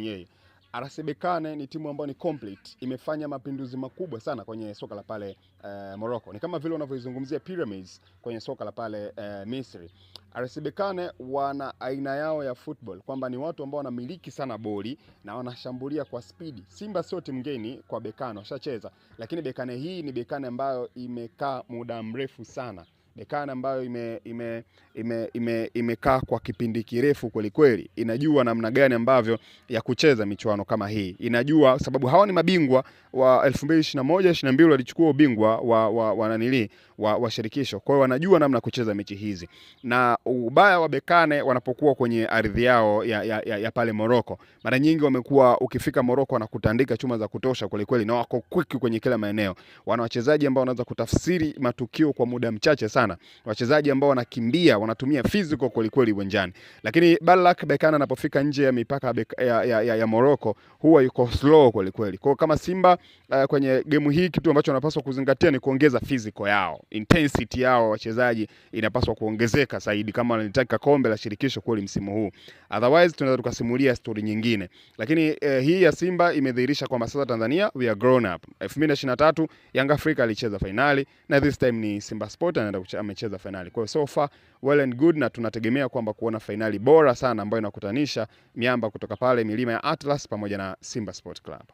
ni yeye. RS Berkane ni timu ambayo ni complete, imefanya mapinduzi makubwa sana kwenye soka la pale uh, Morocco. Ni kama vile wanavyozungumzia Pyramids kwenye soka la pale uh, Misri. RS Berkane wana aina yao ya football kwamba ni watu ambao wanamiliki sana boli na wanashambulia kwa spidi. Simba sio timu ngeni kwa Berkane, washacheza, lakini Berkane hii ni Berkane ambayo imekaa muda mrefu sana Dekana ambayo imekaa ime, ime, ime, ime kwa kipindi kirefu kweli kweli, inajua namna gani ambavyo ya kucheza michuano kama hii, inajua sababu hawa ni mabingwa wa 2021 22 walichukua ubingwa wa wa, wa, nanili, wa, wa shirikisho. Kwa hiyo wanajua namna kucheza mechi hizi, na ubaya wa Bekane wanapokuwa kwenye ardhi yao ya, ya, ya, ya pale Moroko, mara nyingi wamekuwa ukifika Moroko wanakutandika chuma za kutosha kweli kweli, na wako quick kwenye kila maeneo, wana wachezaji ambao wanaweza kutafsiri matukio kwa muda mchache sana sana, wachezaji ambao wanakimbia, wanatumia physical kweli kweli uwanjani, lakini Balak Bekana anapofika nje ya mipaka ya, ya, ya, ya Morocco huwa yuko slow kweli kweli. Kwa kama Simba uh, kwenye game hii kitu ambacho wanapaswa kuzingatia ni kuongeza physical yao, intensity yao wachezaji inapaswa kuongezeka zaidi kama wanataka kombe la shirikisho kweli msimu huu, otherwise tunaweza tukasimulia story nyingine, lakini uh, hii ya Simba imedhihirisha kwamba sasa Tanzania we are grown up. 2023 Young Africa alicheza finali na this time ni Simba Sport anaenda amecheza fainali. Kwa hiyo so far well and good, na tunategemea kwamba kuona fainali bora sana ambayo inakutanisha miamba kutoka pale milima ya Atlas pamoja na Simba Sport Club.